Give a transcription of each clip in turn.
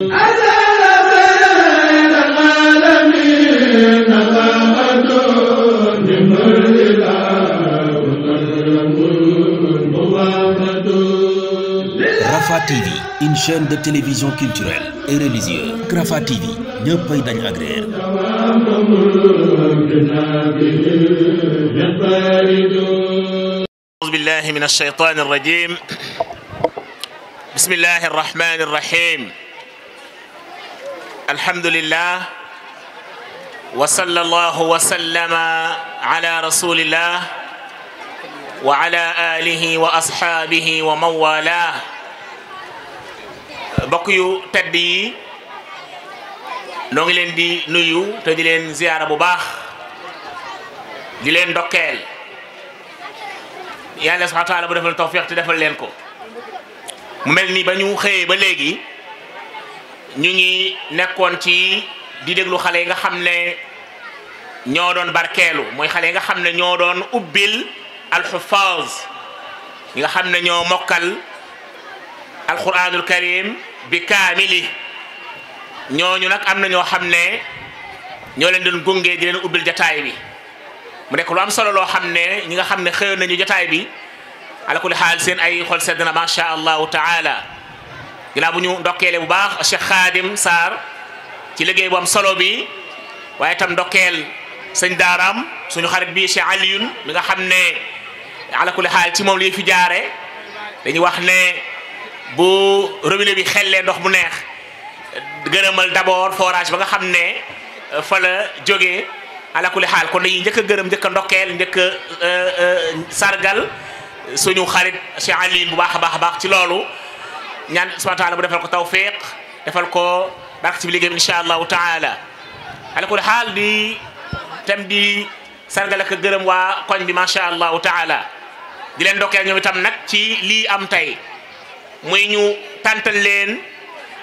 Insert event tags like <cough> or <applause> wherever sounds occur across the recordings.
Rafah TV une chaîne de télévision culturelle et religieuse Rafah TV ñëpp ay dañ agréer أعوذ بالله من الشيطان الرجيم بسم الله الرحمن الرحيم alhamdulillah wa sallallahu wa sallama ala rasulillah wa ala alihi wa asxaabihi wa man waalaah bokk yu tedd yi noo ngi leen di nuyu te di leen ziyaara bu baax di leen dokkeel yàlla subhaana taala bu defal tawfiq te defal leen ko mu mel ni ba ñu xëyee ba léegi ñu ngi nekkoon ci di déglu xale yi nga xam ne ñoo doon barkeelu mooy xale yi nga xam ne ñoo doon ubbil alxufaaz yi nga xam ne ñoo mokkal alquranul karim bi kaamili ñooñu nag am na ñoo xam ne ñoo leen doon gunge di leen ubbil jataay bi mu nekk lu am solo loo xam ne ñi nga xam ne xëyoon nañu jataay bi ala kulli xaal seen ay xol sedd na macha allahu taala ginnaaw bu ñu ndokkeele bu baax Cheikh Khadim saar ci liggéey bu solo bi waaye itam ndokkeel sëñ daaraam suñu xarit bi Cheikh Alioune mi nga xam ne ala kulli xaal ci moom li fi jaare dañuy wax ne bu robinet bi xellee ndox bu neex gërëmal d'abord forage ba nga xam ne euh, fala jóge jógee ala kulli xaal kon dañuy njëkk gërëm njëkk a ndokkeel njëkk a euh, euh, sargal suñu xarit Cheikh Alioune bu baax a baax a baax ci loolu ñaan subhana taala mu defal ko tawfiq defal ko barke bi liggéey mi incha allahu taala alakul xaal di tam di sargal ak gërëm waa koñ bi macha allahu taala di leen dokkee ñoom itam nag ci lii am tey muy ñu tantal leen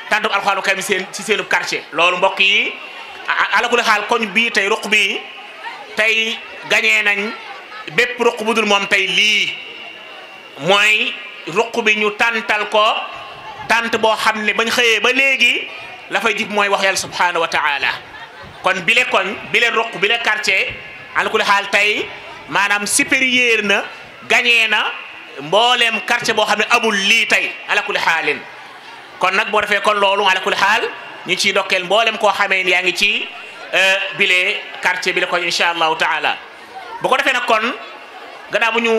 tantum alxuraanu karim seen ci seenub quartier loolu mbokk yi alakul xaal koñ tey ruq bi tey gañee nañ bépp ruq budul moom tey bi ñu tantal ko tant boo xam ne bañ xëyee ba léegi lafay fay jib mooy wax yàlla subhaanahu wa kon bile koñ bile ruq bile quartier ala kulli xaal tey maanaam supérieur na gañee na mbooleem quartier boo xam ne amul lii tey ala kulli xaalin kon nag boo defee kon loolu ala kulli xaal ñu ciy lokel mbooleem koo xamee ni yaa ngi ci euh, bile quartier bile koñ incha allahu taala bu ko defee nag kon gannaaw bu ñu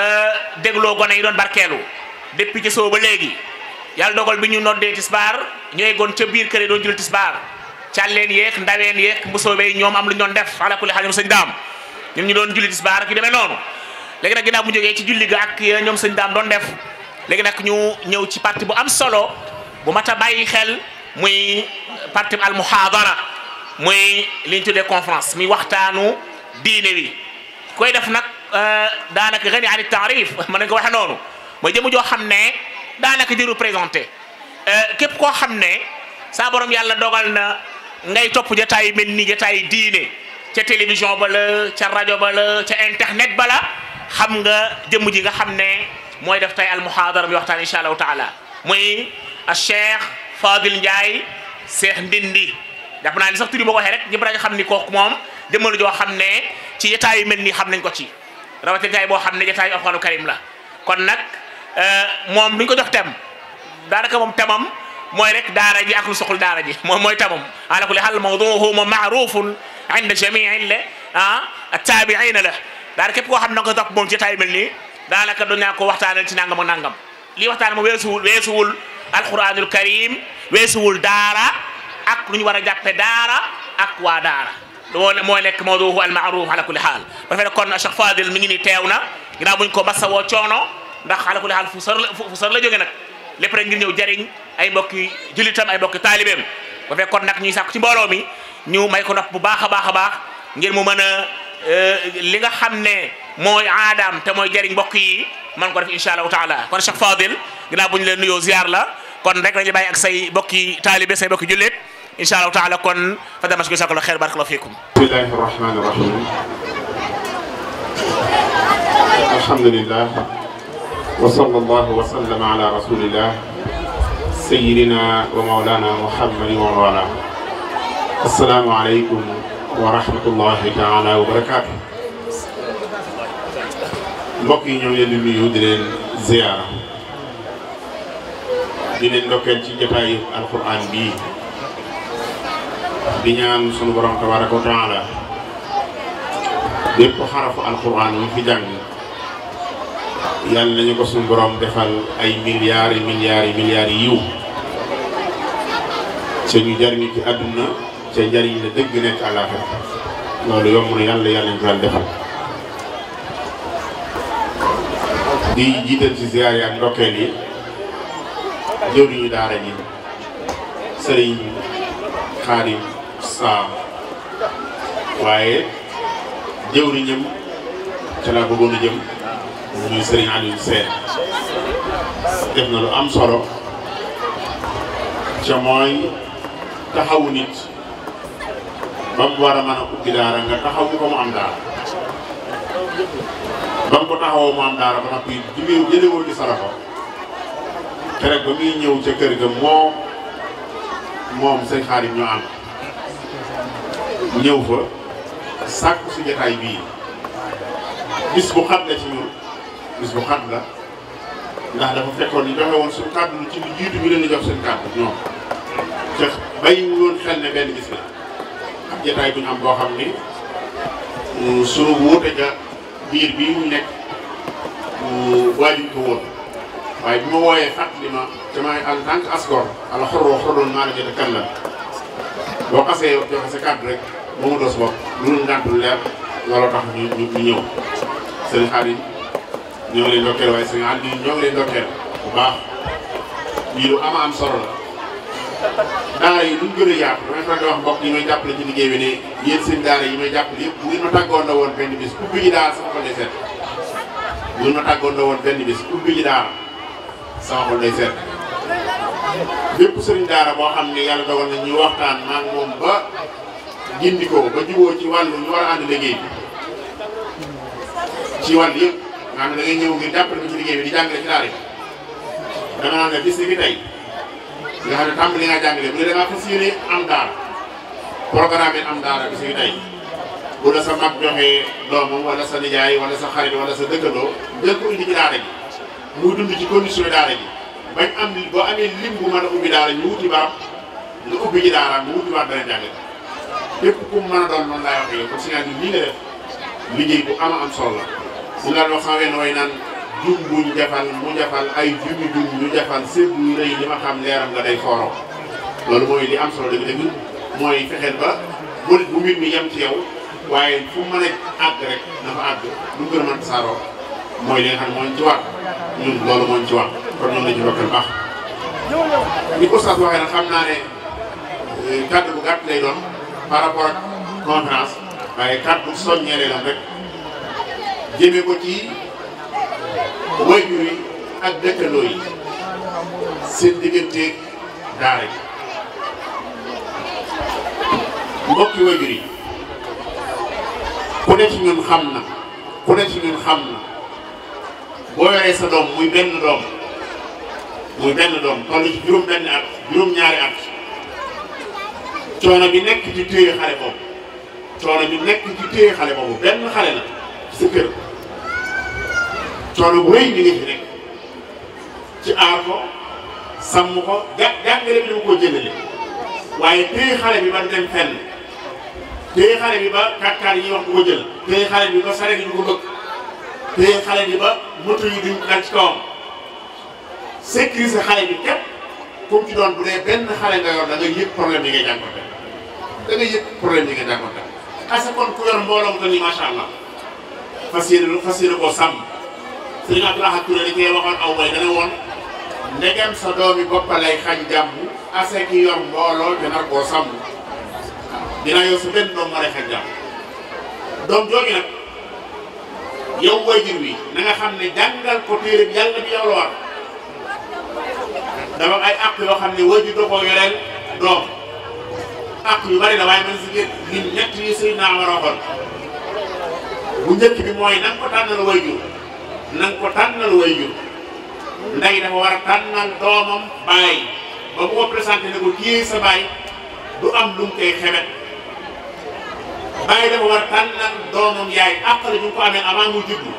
euh, dégloo gone yi doon barkeelu depuis ci ba léegi yàlla dogal bi ñu noddee tisbaar ñu eggoon ca biir kër doon julli tisbaar càlleen yeeg ndaween yeeg mbusóobey ñoom am lu ñu doon def ala kulli xaal ñoom sëñ daam ñoom ñu doon julli tisbaar ak yu demee noonu léegi nag ginnaaw mu jógee ci julli ga ak ñoom sëñ daam doon def léegi nag ñu ñëw ci parti bu am solo bu mat a bàyyi xel muy parti al muhaadara muy li ñu tuddee conférence muy waxtaanu diine wi koy def nag euh, daanaka gani ani taarif <laughs> mën nañ waxe noonu mooy jëmu joo xam ne daanaka di représenté euh, képp koo xam ne saa borom yàlla dogal na ngay topp jataay mel ni jataay diine ca télévision ba ca rajo bala la ca internet ba la xam nga jëmm ji nga xam ne mooy def tey almuhaadara bi waxtaan incha allahu taala muy Cheikh Fadil Ndiaye Cheikh Ndindi jàpp naa ni sax tur boo ko waxee rek ñëpp dañu xam ni kooku moom jëmmal joo xam ne ci jataay yu mel nii xam nañ ko ci rawatina jataay boo xam ne jataay alxuraanu karim la kon nag. Euh, moom duñ ko jox tem daanaka moom temam mooy rek daara ji ak lu soxul daara ji moom mooy temam ala kulli hal mawduuhu maarufun inda jamii la ah taabiina la daara képp koo xam na nga ko topp moom ci tay mel nii daanaka du ñaa ko waxtaanal ci nangam ak nangam lii waxtaan ma weesuwul weesuwul alquranul karim weesuwul daara ak lu ñu a jàppe daara ak waa daara loolu mooy nekk mawduuhu al maaruf ala kulli haal ba fekk kon Cheikh Fadil mi ngi nii teew na ko massa woo ndax xaala ku xaal fu sor la fu sor la jóge nag lépp rek ngir ñëw jariñ ay mbokki jullitam ay mbokki taalibeem ba fekkoon nag ñuy sàkk ci mbooloo mi ñu may ko nopp bu baax a baax a baax ngir mu mën a euh, li nga xam ne mooy aadaam te mooy jariñ mbokk yi man ko def incha allahu taala kon Cheikh Fadil ginnaaw bu ñu leen nuyoo ziar la kon rek dañu bàyyi ak say mbokki taalibe say mbokki jullit incha allahu taala kon fa damac ko sakalo xeer barakallahu fiikum bismillahi rahmani rahim alhamdulillah wa sallallahu wa sallam ala rasulillah sayyidina wa mawlana muhammadin wa wala assalaamu aleykum wa rahmatullahi taala wa barakaatu mbokk yi ñoo ngi leen di nuyu di leen ziyaara di leen ndokkeel ci jotaayu alquran bii di ñaan sunu borom tabaraka wa taala bépp xarafu alquran mu fi jàng yàlla nañu ko suñu borom defal ay milliards milliards milliards yiw ca ñu jariñu ci àdduna ca njariñ la dëgg nekk àllaaxira loolu yomb na yàlla yàlla nañu ko daal di jiital ci ziyaar yi ak ndokkeel yi jëwriñu daara ji sëriñ Xaadim Saa waaye jëwriñam ca laa bëggoon a jëm muy Serigne Aliou Sène def na lu am solo ca mooy taxawu nit ba mu war a mën a ubbi daara nga taxaw ko mu am daara ba mu ko taxawoo mu am daara ba nga koy jëlee jëlewoo ci sa loxo te rek ba muy ñëw ca kër ga moo moom sëñ xaarim ñoo am ñëw fa sàkku si jataay bii bis bu xam ne ci ñun bis bu xat la ndax dafa fekkoon ñu joxe woon suñu kàddu ci lu jiitu bi leen di jox seen kàddu ñoom te bàyyi woon xel ne benn gis la am boo xam ni mm, suñu biir bii ñu nekk mm, waajuñ ko woon waaye bi ma wooyee fàttali ma te may en tant que asgor ala xoroo maa la jot a la boo xasee joxe sa kàddu rek ba mu dos bopp lu dul ngàntul leer looloo tax ñu ñëw sëriñ Xaadim ñoo ngi leen dokkeel waaye suñu ànd yi ñoo ngi leen dokkeel bu baax lii lu ama am solo la yi duñ gën di wax mbokk yi may jàppale ci liggéey bi ne yi may jàppale yëpp bu ngeen ma tàggoon la woon benn bis ubbi ji daara sama xol day set bu ma tàggoon la woon benn bis ubbi ji daara sama xol day set bépp sëriñ daara boo xam ne yàlla dogal na ñu waxtaan maak moom ba ko ba juboo ci wàllu ñu war a ànd liggéey ci wàll yëpp maanaam da ngay ñëw ngir jàppale ko ci liggéey bi di jàngale ci daara bi dama naan la bis ni ki tey nga xam ne tàmbali da ngaa fas yéene am daara programme am daara bis ni ki tey bu sa mag joxee sa nijaay wala sa xarit wala sa dëkkandoo njëkk boo amee lim bu mën a ubbi daara ñu wuti barab nga ubbi ci daara mu wuti barab dana jàngale képp ku mu a doon noonu laay waxee yow kon si ñaar ñun lii nga liggéey bu am am solo la mu nga noo xawee nooy naan jum buñ jafal mu jafal ay jumi jum ñu jafal séddu rëy li ma xam leeram nga day fooro loolu mooy li am solo dëgg-dëgg mooy fexeel ba bu bu mbir mi yem ci waaye fu mën a àgg rek na fa àgg lu gën a mën saaroo mooy li nga xam ne mooñ ci ñun loolu mooñ ci kon ñoom la ci bokkal baax ni oustaz waxee nag xam naa ne eh, kàddu bu gàtt lay doon par rapport ak conférence waaye kàddu soññee lay rek jëme ko ci wayjur yi ak dëkkandoo yi seen digganteeg daara yi mbokki wayjur yi ku ci ñun xam na ku ci ñun xam na boo yoree sa doom muy benn doom muy benn doom toll ci juróom benn at juróom-ñaari at coono bi nekk ci téye xale boobu coono bi nekk ci téye xale boobu benn xale la sa coono bu rëy mi ngi rek ci aar ko sàmm ko ga jàngale bi dama koo jëndale waaye téye xale bi ba dem fenn téye xale bi ba kàkkaar yi wax du ko jël téye xale bi ba sareet yi du ko bëgg téye xale bi ba moto yi duñ dal ci kawam sécuriser xale bi képp comme ci doon bu dee benn xale nga yor da nga problème yi nga jànkoonte da nga yëg problème kon ku mbooloo mu toll nii allah fas yéene koo sàmm. sëñ Abdou Lahad Touré dañ koy waxoon aw mooy dana woon ndegem sa doomi boppa lay xañ jàmm ase ki yor mbooloo te koo sàmm dina yow sa benn doom ma lay xañ doom jooju nag yow wajur wi na xam ne jàngal ko téere bi yàlla bi yow la war dama ay àq yoo xam ne wajur doo ko yoreel doom àq yu bari la waaye man si ngeen ñun ñett naa war a waxoon bu njëkk bi mooy na nga ko tànnal wajur na nga ko tànnal waajur ndey dafa war a tànnal doomam baay ba mu ko présenté ne ko kii sa baay du am lu mu koy xebet baay dafa war a tànnal doomam yaay àq la ñu ko amee avant mu juddu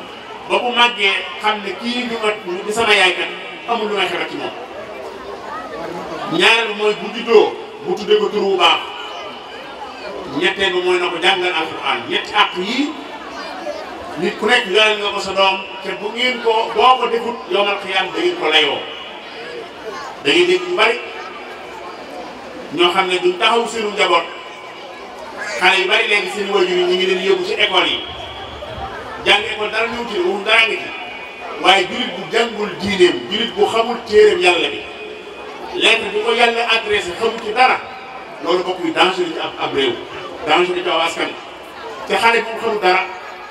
ba bu màggee xam ne kii ñu ma di sama yaay kat amul lu may xebet ci moom ñaareel mooy bu tuddee ko tur bu baax ñetteel bi mooy na ko jàngal alxuraan ñetti àq yii nit ku nekk yoreel nga ko sa doom te bu ngeen ko boo ko defut yomal xiyaam da ngeen ko layoo da ngeen ñu bari ñoo xam ne duñ taxaw seenu njaboot xale yu bari léegi seen wajur yi ñu ngi leen yóbbu ci école yi jàng école dara ñëw ci wuñ dara ngi ci waaye julit bu jàngul diineem julit bu xamul téereem yàlla bi lettre bu ko yàlla adressé xamu ci dara loolu bokk yi danger ci ab ab réew danger ci aw askan te xale bu mu dara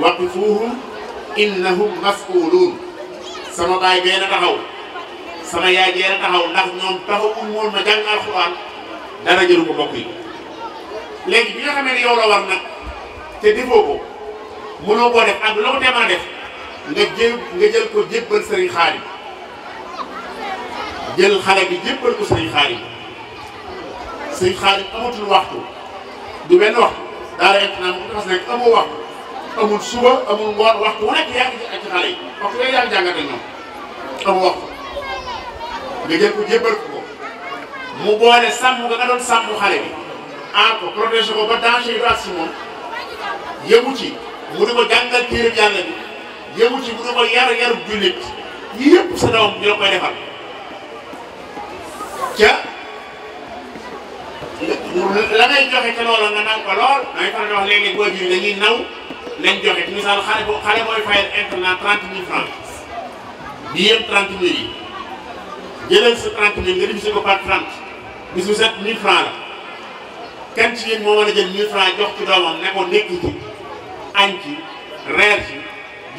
waqifuuhum koo mas'uluun sama baay bee na taxaw sama yaay bee na taxaw ndax ñoom taxawul woon ma jàng alxuraan dara jëru ko mbokk yi léegi bi nga xamee ne yow la war nag te defoo ko mënoo koo def ak loo ko demaa def nga jël nga jël ko jébbal sëriñ xaadim jël xale bi jébbal ko sëriñ xaadim sëriñ xaadim amatul waxtu du benn waxtu daara internat mu ko dafa nekk amoo amul suba amul ngoon waxtu wu nekk yaa ngi ci xale yi waxtu yooyu yaa ngi jàngate ñoom amul waxtu nga jël ko jébbal ko mu boole sàmm nga nga doon sàmm xale bi aar ko protéger ko ba danger yi daal si moom yëngu ci mu di ko jàngal téere bi yëngu sa doom ñu koy defal ca la ngay joxe ca loola nga nang ko lool. damay faral di wax léeg-léeg boo ji naw. lañ joxe ci misaal xale boo xale booy fayal internat trente mille francs bi yëpp trente mille yi jëlal sa trente mille nga divisé ko par trente bis bu set mille francs la kenn ci yéen moo mën a jël mille francs jox ci doomam ne ko nekk ci añ ci reer ci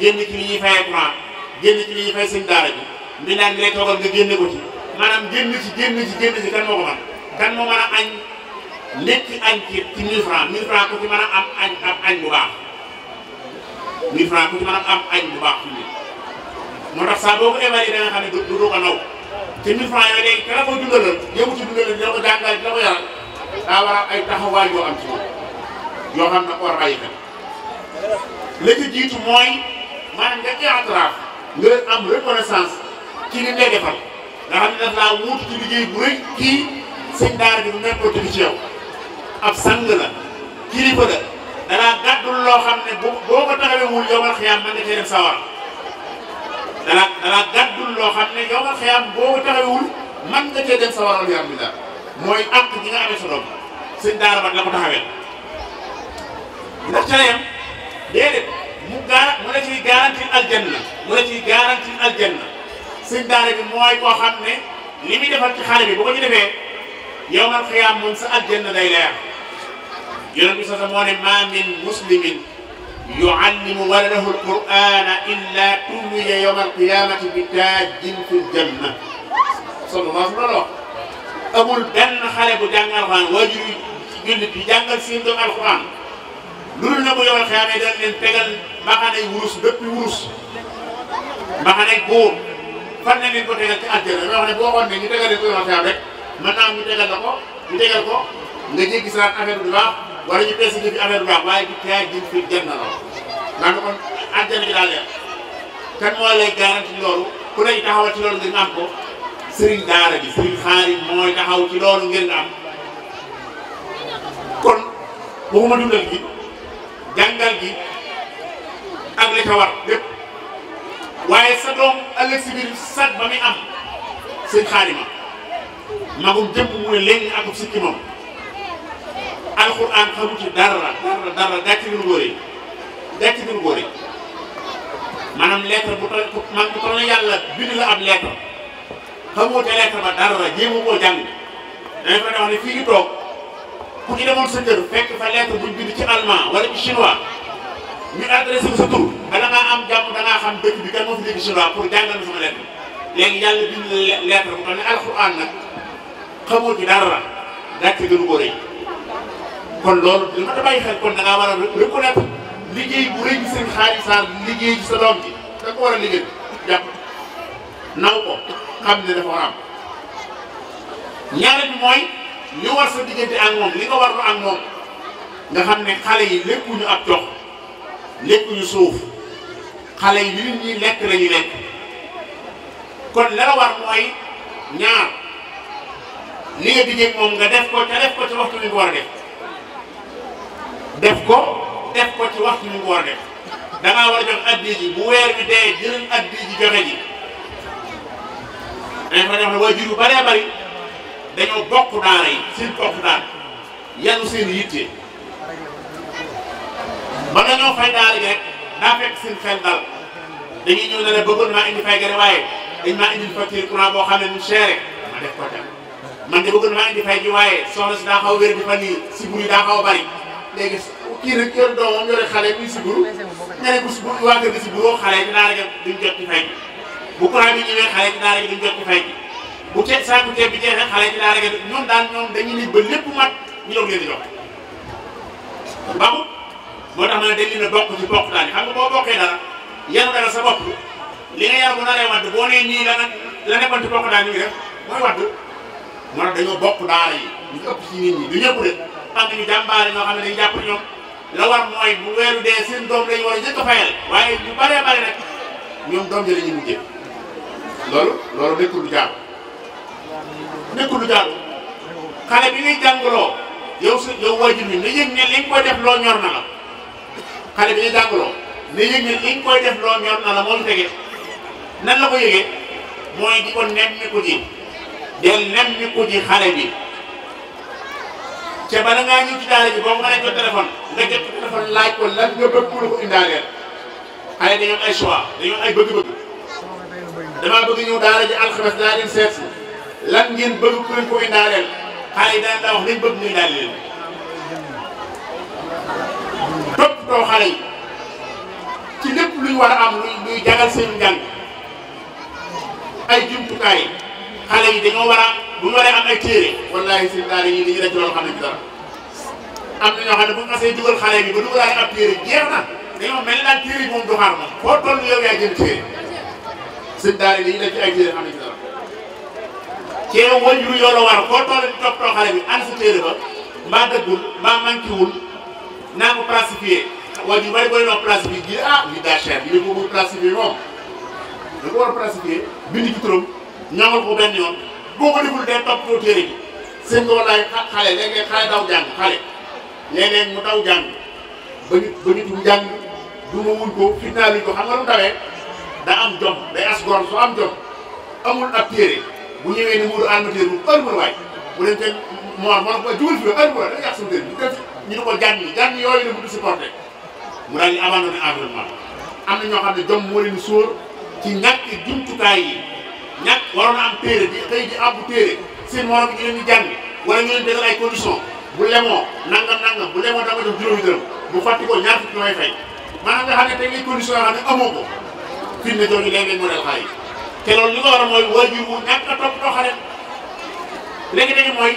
génn ci li ñuy fayee courant génn ci li ñuy fay seen daara ji mi daan ngay nga génne ko ci maanaam génn ci génn ci génn ci kan moo ko mën kan moo mën a añ nekk añ ci ci mille francs mille francs ku ci mën a am 1000 francs ku a am añ bu baax fi mu moo tax saa boo ko évalué da nga xam ne du du ko naw te 1000 yooyu léegi dana ko dundalal yow ci dundalal dina daa war a ay taxawaay yoo am ci moom yoo xam ne ko war bàyyi xel la ci mooy maanaam nga i'tiraaf nga am reconnaissance ci li ngay defal nga xam ne daf laa wuutu ci liggéey bu rëy kii sëñ bi mu nekkoon ci yow ab sang la kilifa la. danaa gàddul loo xam ne bu boo ko taxawee wul yomal xiyaam mën nga cee dem sawar danaa danaa gàddul loo xam ne yomal xiyaam boo ko taxawee wul mën nga cee dem sawar wala yomal xiyaam mooy àq gi nga amee sa doom sëñ daara ba la ko taxawee ndax ca la yem mu gaara mu la ciy garanti aljanna mu la ciy garanti aljanna sëñ daara bi mooy koo xam ne li muy defal ci xale bi bu ko ci defee yomal xiyaam moom sa aljanna day leer. yonent bi sax moo ne min muslimin yuallimu waladahu alqur'ana illa tulliya yawma alqiyamati bi taajin fi ljanna sallallahu alayhi amul benn xale bu jàng alquran waajur yi jullit bi jàngal seen doom alquran loolu na bu yowal xiyaamee dañ leen tegal mbaxanay wurus bépp wurus mbaxanay góor fan na leen ko tegal ci àjjana yoo xam ne boo xoon ne ñu tegal leen ko yowal naa ñu tegal la ko ñu tegal ko nga jéggi saraat affaire bi du wala ñu peese ji fi affaire bu baax waaye di teel jënd na lool maanaam kon àjjana gi daa leer kan moo lay garanti loolu ku lay taxawal ci loolu ngir bi sëriñ ci loolu ngir am kon waxuma dundal gi jàngal gi ak li ca war lépp waaye sa doom ëllëg si biir sat ba muy am sëriñ xaarima magum jëpp mu ne léegi akub sikki moom alxuraan xamu ci dara dara dara dàkkinu góor yi dàkkinu góor yi maanaam lettre bu too man bu toll yàlla bind la ab lettre xamoo ca lettre ba dara la jéem a koo jàng dañu fa wax ne fii ñu toog ku ci demoon sa kër fekk fa lettre buñ bind ci allemand wala ci chinois ñu adressé ko sa tur bala ngaa am jàmm da xam dëkk bi kan moo fi dégg chinois pour jàngal sama lettre léegi yàlla bind la lettre bu toll ne alxuraan nag xamoo ci dara la dàkk kon loolu dina ma bàyyi xel kon da ngaa war a reconnaître liggéey bu rëy seen Xaali Saar liggéey sa ji da ko war a liggéey jàpp naw ko xam ne dafa war a am xam ne xale yi lekkuñu ab jox lekkuñu suuf xale yi nit ñi lekk lañu lekk kon ñaar li diggee moom nga def ko te def ko ci waxtu bi nga war a def. def ko def ko ci waxtu bi mu war a def da ngaa a jox addi ji bu weer bi dee jëlal addi joxe ji dañ fa def waajur yu bëree bëri dañoo bokk daara yi seen bokk daara yanu seen yitte mën nañoo fay daara gi daa fekk seen xel dal dañuy ñëw ne la bëggoon maa indi fay gën waaye dañ maa indi facture courant boo xam ne seere ma def ko tam man de bëggoon maa indi fay ji waaye si daa xaw a wér bi fan yii si buri daa xaw a léegi kii nag yor doomam yore xale muy siburu nga ne ko siburu waa kër gi siburoo xale bi daanaka duñ jot ci fay gi bu courant bi xale bi daanaka duñ jot ci fay bu ceeb saako ceeb bi jeexee xale bi daanaka ñoom daal ñoom dañuy nit ba lépp mat ñu doog leen di moo tax ma ne dañ leen a bokk ci bokk daal xam nga boo bokkee dara yanu dara sa bopp li nga yar bu naree wadd boo nee nii la nag bokk daal ñu ngi def wadd moo tax dañoo bokk daara yi ñu ëpp ci nit ñi du ñëpp de mag ñu jàmbaare ñoo xam ne dañu jàpp ñoom la war mooy bu weeru dee seen doom lañu a a fayal waaye ñu baree bare nag ñoom doom ji la ñuy mujjee loolu loolu nekkul lu jaar nekkul lu jaar xale bi ngay jàngaloo yow su yow waajur bi nga yëg ne li nga koy def loo ñor xale bi ngay jàngaloo nga yëg ne li nga def loo ñor na la tege nan la ko yëgee mooy di ko nemmiku ji del nemmiku ji xale bi. ca bala ngaa ñëw ci daara ji boo mënee ko téléphone nga jot ko téléphone laaj ko lan nga bëgg la ko ay choix dañoo ay bëgg-bëgg damaa bëgg ñëw lan ngeen bëgg ku leen ko indaaleel xale yi wax liñ bëgg muy daal leen topp xale yi ci lépp luñ war a am luy luy jagal seen ay jumtukaay. xale yi dañoo war a bu ñu waree am ay téere wallaahi si daara yi dañuy denc loolu xam ne ci dara am na ñoo xam ne bu ñu xasee dugal xale bi ba dugalaale ab téere jeex na dañoo mel ni daal téere yi moom du xaar moom foo toll yow yaa jënd téere seen daara yi dañuy denc ay téere xam ne ci dara teew wajuru yoo la war foo toll di toppatoo xale bi ànd sa téere ba mbaa dëggul mbaa manqué wul naa ko plastifié wajur bari bari noo plastifié ji ah li daa cher li ko bu plastifié moom da ko war a plastifié bind ci turam ñangal ko benn yoon boo ko deful dee toppatoo téere bi sëñ bi wallaay xale léeg xale daw jàng xale léeg mu daw jàng ba nit ba du ma wuñ ko fitnaa luñ ko xam nga lu da am jom day as gor su am jom amul ab téere bu ñëwee ni muur armateur bu heure bu la waay bu leen te moor moo ko jugal fi heure bu da nga yàq suñu téere ñu di ko jàng jàng yooyu la mu du supporté mu daal di abandonné environnement am na ñoo xam ne jom moo leen sóor ci ñàkk jumtukaay yi ñàkk waroon a am téere di xëy di àbbu téere seen morom ñu leen di jàng wala ñu leen tegal ay condition bu lemoo nangam nangam bu lemoo dama jox juróomi dërëm bu fàtti ko ñaar fukki may fay a nga xam ne tey ngay condition yoo xam ne amoo ko fi ne jooju léeg-léeg moo del xaay te loolu li ko war a mooy waajur wu ñàkk a toppatoo xale léegi dañu mooy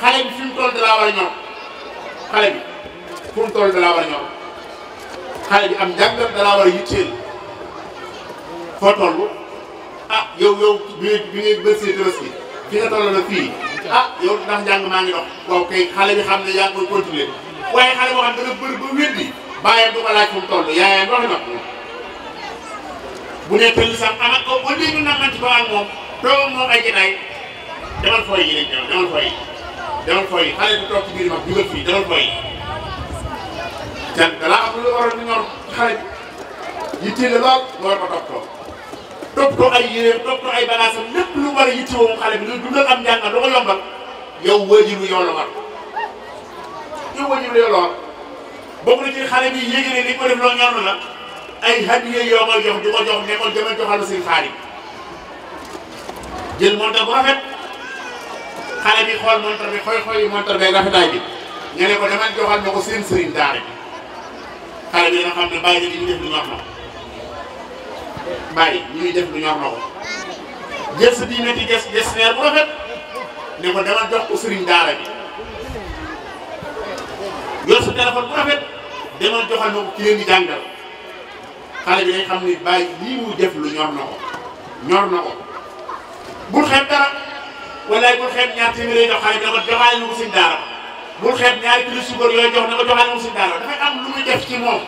xale bi fi mu toll dalaa war a ñor xale bi fu mu toll dalaa war a ñor xale bi am njàngat dalaa war ah yow yow bi ngay bi ngay bërsee tabaski fi nga toll nag fii ah yow ndax njàng maa ngi dox waaw kay xale bi xam ne yaa ngi koy continuer waaye xale boo xam ne da nga bër ba weddi bàyyam du ko laaj fu mu toll yaayam waxi na bu dee tënk sax ama ko au lieu ñu naan ci ba ak moom doomam moom ay jotaay demal fooy yi lañ demal demal fooy yi demal fooy yi xale bi toog ci biir mag dugal fii demal fooy yi. te dalaa am lu waroon a ñor xale bi yittee la lool nga war ko toppatoo topp ko ay yéreem topp ko ay bagaasam lépp lu war a yittewoo xale bi lu dundal am njàngam lu ko yombal yow waajuru yow la war yow waajuru yow la na ci xale bi yéegi ne li ko def loo ñor la ay hadiya yoo koy jox di ko jox ne ko jëmal joxal seen xaalis jël montar bu rafet xale bi xool montar bi xoy xoy montar bee rafetaay bi nga ko demal joxal ma ko seen sëriñ daara bi xale bi dana xam ne bàyyi na ñu def lu ñor la bàyyi ñu ngi def lu ñor na ko jël sa diine di des gestionnaire bu rafet ne ko demal jox ko daara bi yor sa téléphone bu rafet demal joxal na ko ki leen di jàngal xale bi day xam ne bàyyi lii muy def lu ñor na ko ñor na ko bul xeeb dara walaay bul xeeb ñaar jox xale bi dafa joxaale na ko sëriñ daara bul xeeb ñaari kilo suukar yooyu jox na ko daara dafay am lu muy def ci moom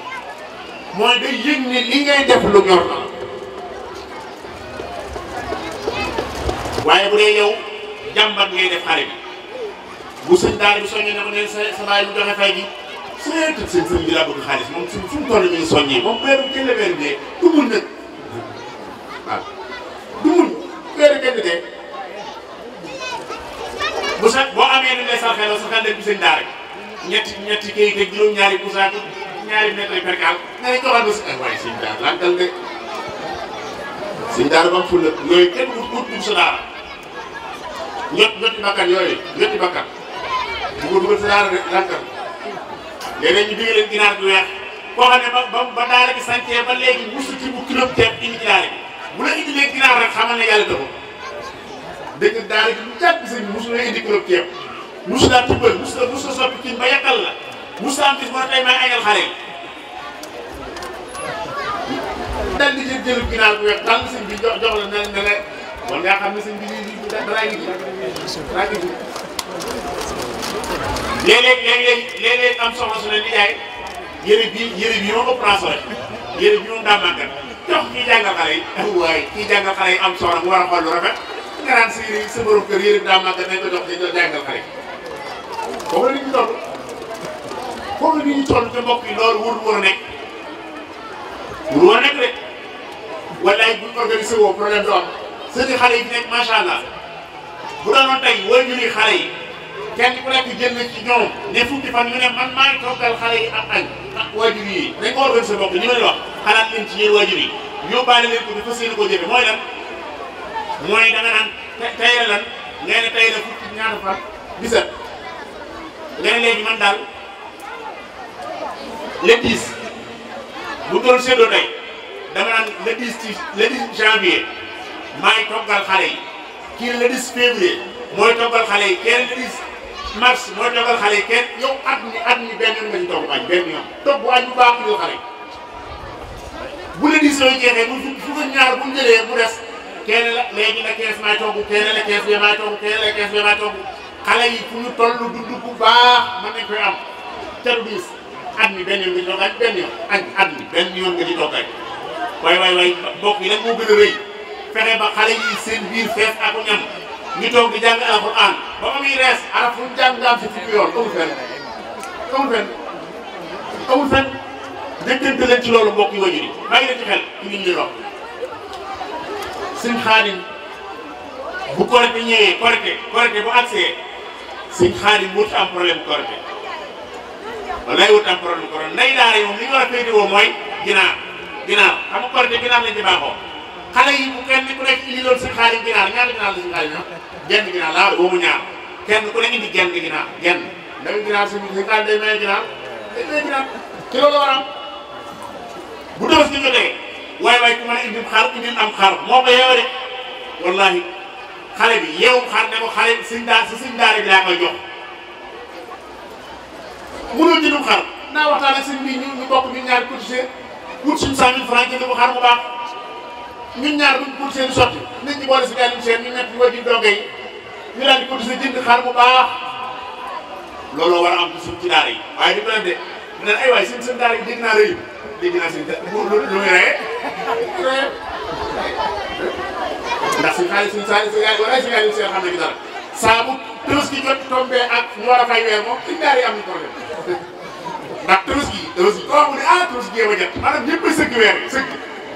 mooy day yëg ne li ngay def lu ñor na la waaye bu dee yow jàmbat ngay def xare bi bu sëñ bi soññee ne ko neen sa sa baay bu fay gi sëñ seen sëñ xaalis moom fu mu bu sa boo amee ni lay juróom-ñaari pousaak ñaari mètre percal nga ne joxal ba si waaye sëñ daara de sëñ daara fulla yooyu kenn wut wut sa daara ñett ñetti bakkan yooyu ñetti bakkan bu ko dugal rek lànkal léeg ñu digg leen ginaar bi weex boo xam ne ba ba daara gi ba léegi musu ci bu kilo teeb indi ci daara gi bu la indi leen ginaar rek xamal ne yàlla dafa dëgg daara gi ba yàqal la musu am bis moo tey may añal xale yi daal di jël jëlu ginaar bu weex tànn sëñ bi jox jox la ne ne kon ngaa xam ne sëñ bi léeg-léeg léeg-léeg léeg-léeg am soxna su ne di jaay yëre bi yëre bi moom ëpp naa sore yëre bi moom daa màggat kii jàngal xale am soxna bu war a xool lu rafet si sa borom kër yëre bi daa màggat nañ ko jox ko jàngal xale yi foofu la nit nit ñi toll te mbokk yi loolu wóorul war nekk wóorul war a nekk de walaay bu ñu organisé woo problème du am sëñ xale yi nekk macha allah. bu doonoon tey wër ñu ni xale yi kenn ku nekk jël na ci ñoom ne fukki fan ñu ne man maay toggal xale yi ak añ ak yi dañ ko organisé bopp mooy lan mooy da nga naan tey la lan ngay ne tey la fukki ñaata fan bisat nga ne léegi man daal le 10 bu doon séddoo tey dama naan le 10 ci le 10 maay toggal xale yi kii le 10 février mooy toggal xale yi kenn le mars mooy toggal xale yi kenn yow at mi at mi benn yoon nga ci togg bu baax yow xale bu le 10 yooyu jeexee bu bu njëlee mu des yi fu ñu toll dund bu baax mën nañ am te du diis at mi benn yoon nga ci togg añ benn yoon añ at mi benn yoon nga ci a rëy fexe ba xale yi seen biir fees ak ñam ñu toog di jàng alxuraan ba muy rees arab fu mu jàng daal si fukki yoon amul fenn amul fenn amul fenn dëggante leen ci loolu mbokk yi wajur yi bàyyi leen ci xel ci liñ leen wax sëñ xaadim bu korite ñëwee korite korite bu wut am problème korite wallaay wut am problème korite nday daara yi moom li ñu war a féetewoo mooy ginaar ginaar xam nga korite ginaar lañ ci baaxoo xale yi bu kenn ku nekk indi loon si xaalis ginaar ñaata ginaar si xaalis ñaar ginaar ginaar si xaalis day maye ginaar day maye ginaar ci loolu war am bu doon si jotee waaye ku mën a am xar moo ko yeewa de wallahi xale bi yeewu ne ko xale bi si suñ daara daa koy jox mënul jëndum xar naa waxtaan ak sëñ bi ñu ñu bokk ñu ñaari cotisé wut suñ cent mille franc jënd ko xar mu baax ñun ñaar buñ pour seen sotti nit ñi boole si gàllin seen ñu nekk ñu wëddi donge yi ñu daal di ko sa jënd xar bu baax looloo war a am suñ ci daara ay waay seen yi dégg naa rëy dégg naa seen lu lu muy gi jot tombé ak ñu war a fay weer moom suñ daara yi am ñu problème ndax tërës gi gi koo xam ne ah tërës gi jéem a jot maanaam ñëpp a sëgg weer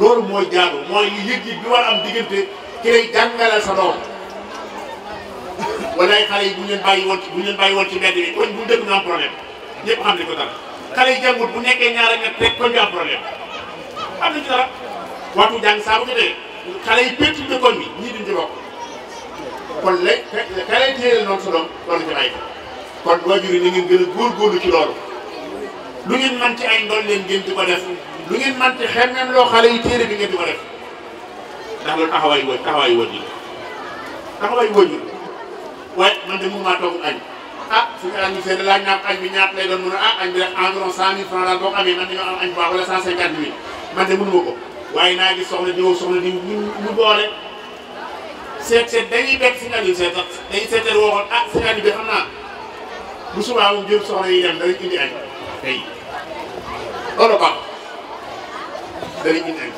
loolu mooy jaadu mooy yëg-yëg bi war am diggante ki lay jàngalal sa doom walaay yi bu ñu leen bàyyi woon bu ñu leen bàyyi ci mbedd bi koñ bu dëkk naa am problème ñëpp xam ne ko dara xale yi jàngut bu nekkee ñaar ak ñett rek koñ bi am problème am na ci dara waxtu jàng saa bu jotee yi pétti de koñ bi ñii duñ ci bokk kon la ka lay téyeel noonu sa doom loolu ci bàyyi kon waajur yi na ngeen gën a góorgóorlu ci loolu lu ngeen man ci ay ndol leen gën di ko def lu ngeen manti xemmeem loo xale yi téere bi ngeen di ko def ndax loolu taxawaayu waj taxawaayu waj yi taxawaayu waj yi waaye man de mënumaa añ ah suñu ànd bi seede laaj naa añ bi ñaata lay doon mën a ah añ bi def environ cent mille franc daal boo ko amee man dañoo naa gis soxna diw soxna boole seet seet dañuy bett suñu ànd bi seet sax dañuy ah bi xam naa bu subaa moom jël soxna yi dem danañ indi añ tey loolu dariñ indi ay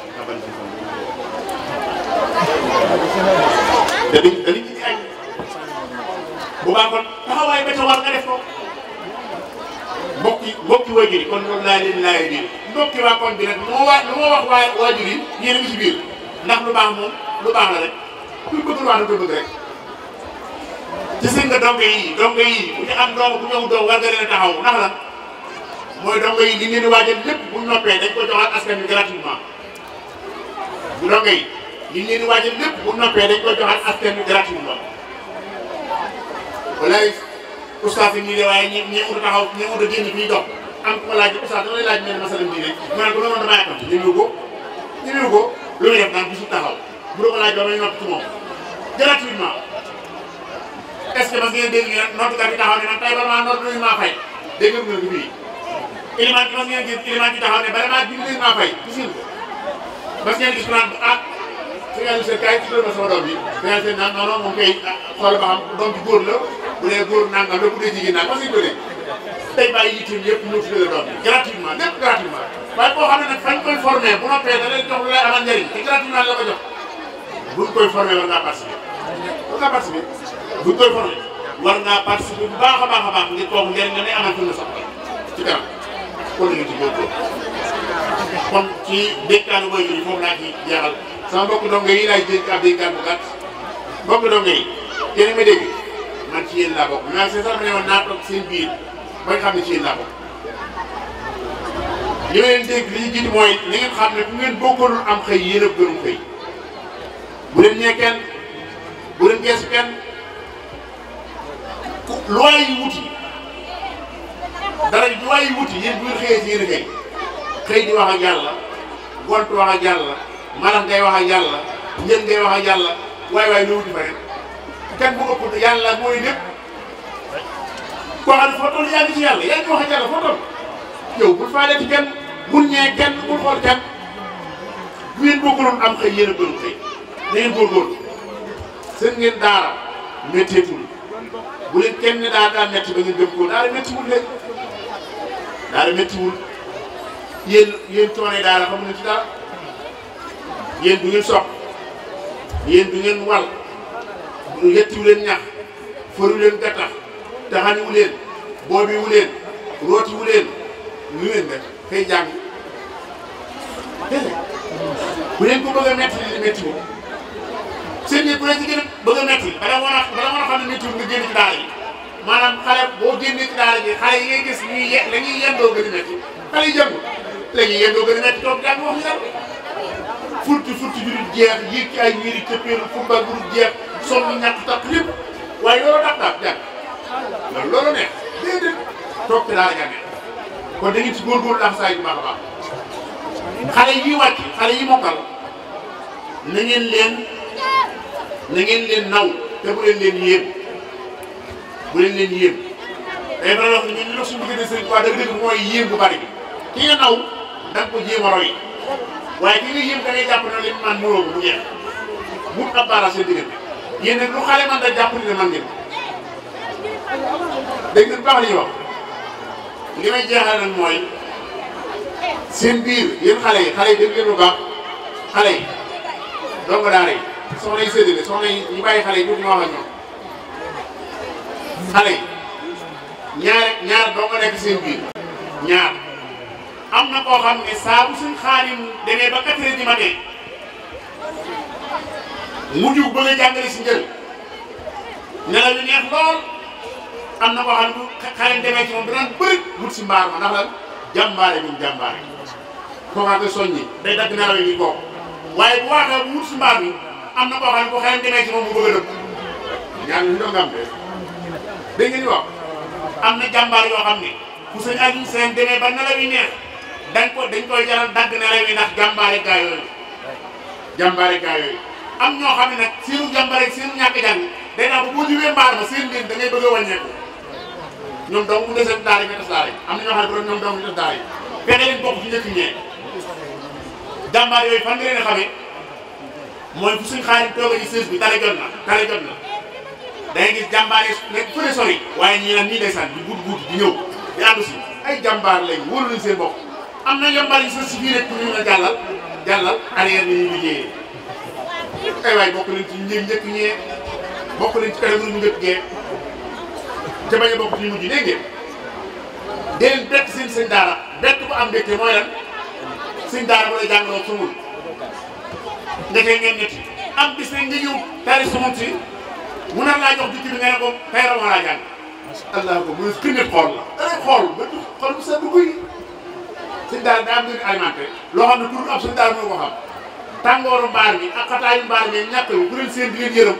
dariñ dariñ indi ay bu baax kon taxawaay ba ca war nga def ko mbokki mbokki kon loolu laa biir mbokki waa kon bi rek moo waa lu moo wax biir ndax lu baax moom lu baax rek kuy bëgg lu baax da koy bëgg rek doom bu ñëw doom war nga leen a taxaw la mooy dongo yi li leen di waajal lépp bu noppee dañ ko joxal askan bi gratuitement bu dongo yi li leen di waajal lépp bu noppee dañ ko joxal askan bi gratuitement walaay oustaz yi ñu ne waaye ñi ñi ut taxaw ñi ut a génn fii dox am ku ma laaj oustaz dama lay laaj mel masalam bii rek ma ne ko loolu damaa yàqam ñëmewu ko ñëmewu ko lu muy def daan bisu taxaw bu doon ko laaj damay nopp ci moom gratuitement est ce que mas ngeen dégg ngeen noppkat bi taxaw ne man tey ba maa nopp nañu maa fay dégg nga ko fii élément bi mas ngeen gis élément bi taxaw ne bala maa gis ngeen maa fay toujours mas ngeen gis naan ma ah, sama doom bi da ngeen naan non non moom ah, góor la bu dee góor nangam la bu dee jigéen nangam mas ngeen ko dee tey bàyyi yitteem yëpp ñëw tuddal doom bi gratuitement lépp gratuitement waaye boo xam ne nag fañ koy formé bu noppee da lay jox lu lay amal njëriñ te la ko jox buñ koy formé war ngaa participer war ngaa participer buñ koy formé war ngaa participer bu baax a a kon ñu ci góorgóorlu kon ci dénkaanu booy yi moom ci jeexal sama mbokk dongo yi laay dénk ab dénkaan bu gàtt mbokk dongo yi kenn ma dégg man ci yéen laa bokk mais c'est ça ne woon naa seen biir bañ xam ne ci yéen laa bokk li ma dégg li ñu jiitu mooy li ngeen xam ne bu ngeen bokkoonul am xëy yéen a gënu xëy bu leen ñee kenn bu leen geesu kenn ku looy wuti. dara ju waay wuti yéen bu ñu xëyee si yéen a xëy xëy di wax ak yàlla gont wax ak yàlla maanaam ngay wax a yàlla ñën ngay wax ak yàlla waay waay loo wuti fa kenn bu ëpp yàlla mooy lépp koo xam ne foo toll yaa ngi ci yàlla yaa ngi wax ak yàlla foo toll yow bul faaleti kenn bul ñee kenn bul xool kenn bu ngeen bëggoon am xëy yéen a bëgg xëy na ngeen seen ngeen daara métteetul bu leen kenn ne daara daa métti ba ngeen gëm ko daara méttiwul léegi daara méttiwul yéen yéen coonee daara xamu ne ci dara yéen du ngeen soq wal du yettiwu leen ñax fëru leen gattax taxaniwu leen boobiwu leen rootiwu leen lu leen def bu leen ko bëgg a métti li méttiwul seen yëpp bu leen ci gën a bëgg a métti bala war a maanaam xale boo génnee ci daara ji xale yi gis ñuy ye la yendoo gën a métti xale yi jàng la ñuy yendoo gën a métti toog jàng wax ñu dara furti furti ju dul jeex yéeg ci ay ñiiri cëppeelu fumba bu dul jeex sonn ñàkk tax lépp waaye loolu tax daal jàng loolu loolu ne toog ci daara jàng kon dañu ci góorgóorlu lax saa yu baax a baax xale yi wàcc xale yi mokkal na ngeen leen na ngeen leen naw te bu leen leen yéem bu leen leen yéem day doon wax ñun li nga suñu diggante sëriñ Tuubaa dëgg-dëgg mooy yéem bu bari bi ki nga naw da nga ko jéem a roy waaye ki nga yéem da ngay jàpp ne li mu naan mënoo ko bu jeex bu ab baara seen diggante yéen nag lu man da jàpp man ngeen dégg ngeen baax li ñuy wax li may jeexal nag mooy seen biir yéen xale yi xale yi dégg ngeen lu xale yi dong daara yi soxna yi séddale soxna yi ñu bàyyi yi tuuti ma wax xale ñaar ñaar doo nga nekk seen biir ñaar am na koo xam ne saa bu suñ xaadim demee ba quatre heures du matin mu jug bëgg si njël nelaw yu neex lool am na koo xam ne bu xaadim demee ci moom danaan bëri wut si mbaar ma ndax lan jàmbaare min jàmbaare kookaa koy soññi day dagg nelaw yi ni koo waaye bu waaxee bu wut si mbaar mi am na koo xam ne bu xaadim demee ci moom mu bëgg a ñaar ñu doon nga am de dégg ngeen wax am na jàmbaar yoo xam ne ku sëñ Aliou Sène demee ba nelaw yi neex dañ ko dañ koy jaral dagg nelaw yi ndax jàmbaare gaa yooyu jàmbaare gaa yooyu am ñoo xam ne nag seenu jàmbaare seenu ñàkk a day naa ba boo ñëwee mbaar ma seen mbir da ngay bëgg a ñoom donc bu desee daara nga tas am na ñoo xam ne borom ñoom donc ñu tas daara fexe leen bokk ci njëkk ñee jàmbaar yooyu fan nga leen a xamee mooy bu suñ xaar yi toog sées bi tale jot na tale jot da ngay gis jàmbaar yi nekk fële sori waaye ñi naan ñii ndeysaan di gudd gudd di ñëw di àndu si ay jàmbaar lañ wóolu nañ seen bopp am na jàmbaar yi sa si fii rek pour ñu mën a jàllal jàllal arrière la ñuy liggéeyee ay waay bokk nañ ci ñi ñu ñu mujj ngeen dee bett seen seen daara bett ko am mbégte mooy lan seen daara ba la jàngaloo sumul ndekee ngeen ñetti am bis nañ nga ñëw taari sumul si mu nar laa jox dikki bi nga ne ko tey raw laa jàng allah ko muy xindi xool la danañ xool ba xool bu sedd guy sëñ daal daa am lu ñu alimenté loo xam ne pour ab sëñ daal mënu ko xam tàngooru mbaar mi ak xataayu mbaar mi ñàkk bi bu leen seen di leen yërëm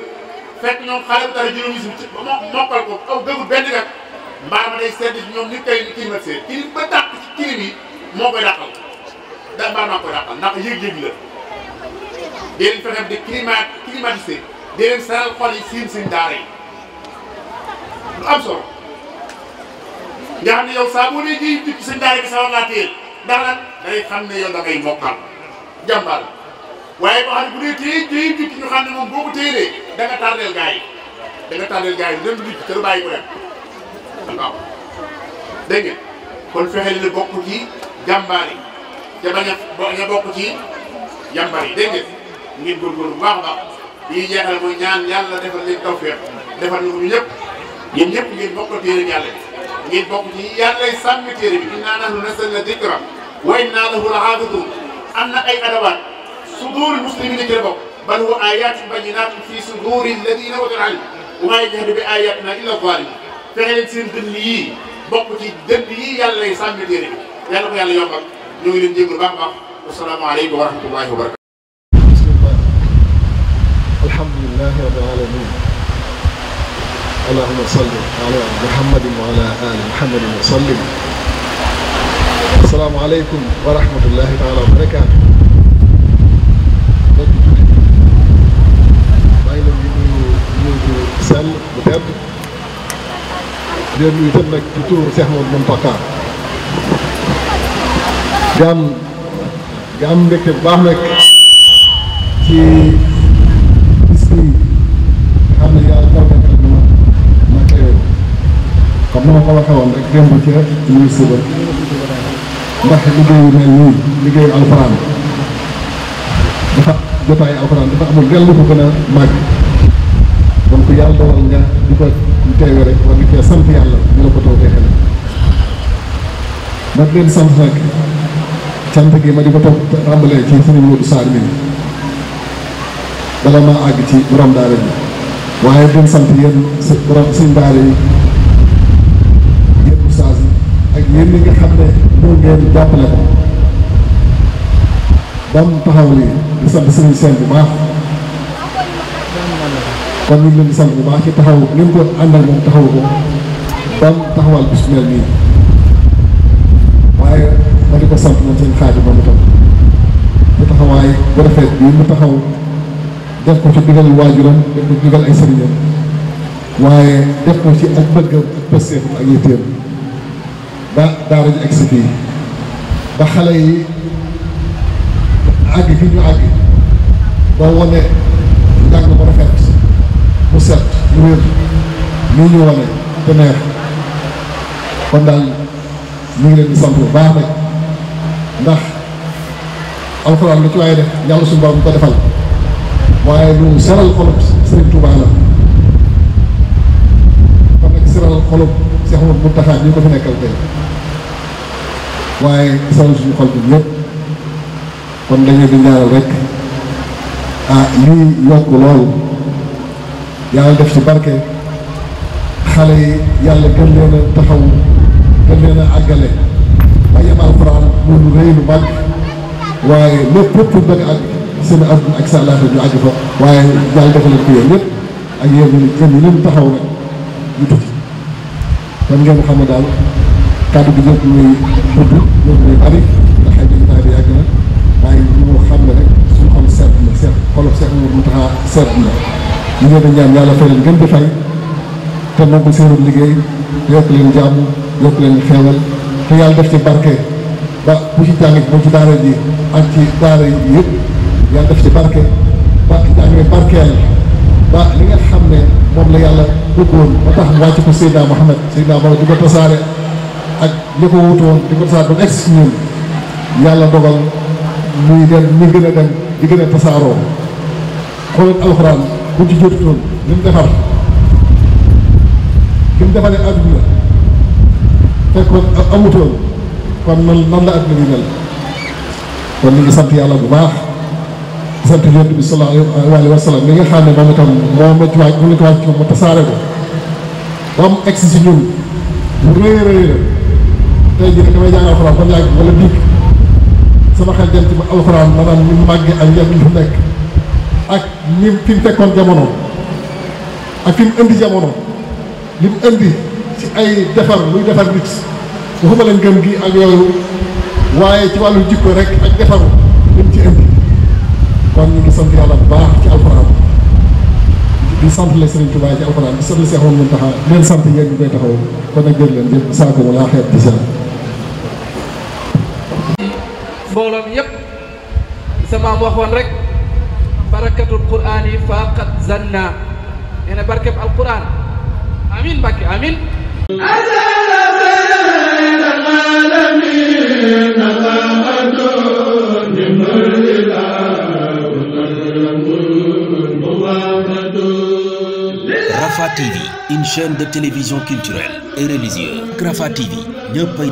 fekk ñoom xale bu juróomi si ci ba mokkal ko aw dëggu benn gat mbaar ma day sedd ci ñoom nit kay ni climatiseur kilim ba dàq ci kilim moo koy dàqal da mbaar maa koy dàqal di leen saral xol yi siim am solo nga xam yow saa boo dee jiy dikk suñ daara bi sa war laa téye xam ne yow da ngay mokkal jàmbaar waaye boo xam ne bu dee téye jiy xam ne moom boo ko téyelee da nga tardeel gars yi da nga tardeel gars yi lu leen di dikk te lu kon fexe leen bokk ci jàmbaar yi te bañ a bañ a bokk ci jàmbaar yi baax baax. yi jeexal mooy ñaan yàlla defal leen tawfeex defal ñu ñëpp yéen ñëpp ngeen bokk téere yàlla bi ngeen bokk ci yàllay sàmm téere bi innaa nahnu nazzalna dikra wa innaa lahu lahaafizuun am na ay adawaat suduuri muslimiin ci la bokk bal huwa aayaatun bayyinaatun fii suduuri llaziina uutul ilm wa maa yajhadu bi aayaatinaa illaa zaalimuun fexe leen seen dënn yii bokk ci dënn yii yàlla lay sàmm téere bi yàlla ko yàlla yombal ñu ngi leen jégalu baax a baax wasalaamaaleykum wa rahmatullahi wa barakatu alhamdulilah rabbil alamin allahuma salli ala muhammadin wa ala ali muhammadin wa sallim assalaamu aleykum wa rahmatullahi taala wa barakaatu mbokk jullit maa ngi leen di nuyu nuyu bu sell bu tedd di leen nuyu itam nag ci turu Seex Moodu Muntaxa nga am nga am mbégte bu baax nag ci moo ko waxee rek démb ca ministre ba ndax liggéeyu mel nii liggéeyu alxuraan ko gën màgg donc yàlla dogal nga di ko teewe rek war nga cee sant ko taw tey xelal ndax leen sant gi ma di ko toog ràmbalee ci sëriñ Modou Sarr mi bala maa àgg ci borom daara bi waaye den sant yéen borom suñ daara yi yéen ñi nga xam ne ñoo ngeen jàppale ko ba mu taxaw lii di sant sëriñ seen bu baax kon ñu ngi leen di bu baax ci taxaw ngeen ko àndal moom taxaw ko ba mu bi bis mel nii waaye ma di ko sant moom seen xaaju ba mu tam bu taxawaay bu rafet bii mu taxaw def ko ci digal waajuram def ko ci digal ay sëriñam waaye def ko ci ak bëggam ak pësteefam ak yitteem ba daara ji egsi bii ba xale yi àgg fi ñu àgg ba wane njàng ko rafet mu set mu wér nii ñu wane te neex kon daal ñu ngi leen di bu baax nag ndax alxuraan lu ci waaye def yàlla suñu mu ko defal waaye lu seral xolub Sëriñ Tuuba la kon nag seral xolub Seex Ahmadu Muntaxa ñu ko fi nekkal tey waaye sawul suñu xol bi yëpp kon dañu di ñaanal rek ah lii yokk loolu yàlla def ci barke xale yi yàlla gën leen taxaw gën leen a àggale waaye lu rëy lu mag waaye lépp ak seen àdduna ak sa àllaaxira fa waaye yàlla defal leen ko yéen ak yéen yéen yi taxaw rek ñu tukki kon ngeen xam ne daal kàddu gi ñëpp ñuy tudd loolu day bari ndax ay jëli taal yàgg na waaye mu xam ne rek suñu xol sedd na seet xolof seet na mu taxaa sedd na ñu ngi leen ñaan yàlla fay leen gën di fay te nangu seenu liggéey yokk leen jàmm yokk leen xeewal te yàlla def ci barke ba bu ci jàng bu ci daara ji ak ci daara yi yëpp yàlla def ci barke ba jàng barkeel ba li nga xam ne moom la yàlla bëggoon ba tax mu wàcc ko Seydina Mouhamed Seydina Mouhamed di ko tasaare ak li ko wutu di ko tasaar ba egsi ñun yàlla dogal muy dem muy gën a dem di gën a tasaaroo xoolal alxuraan bu ci jotutoon li mu defar li mu defaree adduna fekkoon ak amutoon kon nan nan la adduna bi mel kon ñu ngi sant yàlla bu baax di sant yonent bi sallallahu alayhi wa sallam li nga xam ne moom itam moo ma ci waaj moo la ci waaj ci tasaare ko ba mu egsi si ñun bu rëy a tey jii nag damay jàng alxuraan ba biig sama xel jëm ci alxuraan maanaam ni mu màggee ak njëriñ li mu nekk fekkoon jamono ak fi mu indi jamono li mu indi ci ay defar luy defar nit waxuma leen gëm gi ak yooyu waaye ci wàllu jikko rek ak defaru li ci indi kon ñu ngi sant yàlla bu baax ci alxuraan di sant la Serigne Touba ci alxuraan di sant Cheikh Mountakha leen sant yéen kon nag jërë leen jëf saako xeet di mbooloo mi yëpp sama am waxoon rek barakatul quraan yi faqat zanna nee na barkeb al quraan amin mbàkke amin Rafah TV une chaîne de télévision culturelle et religieuse Rafah TV ñëpp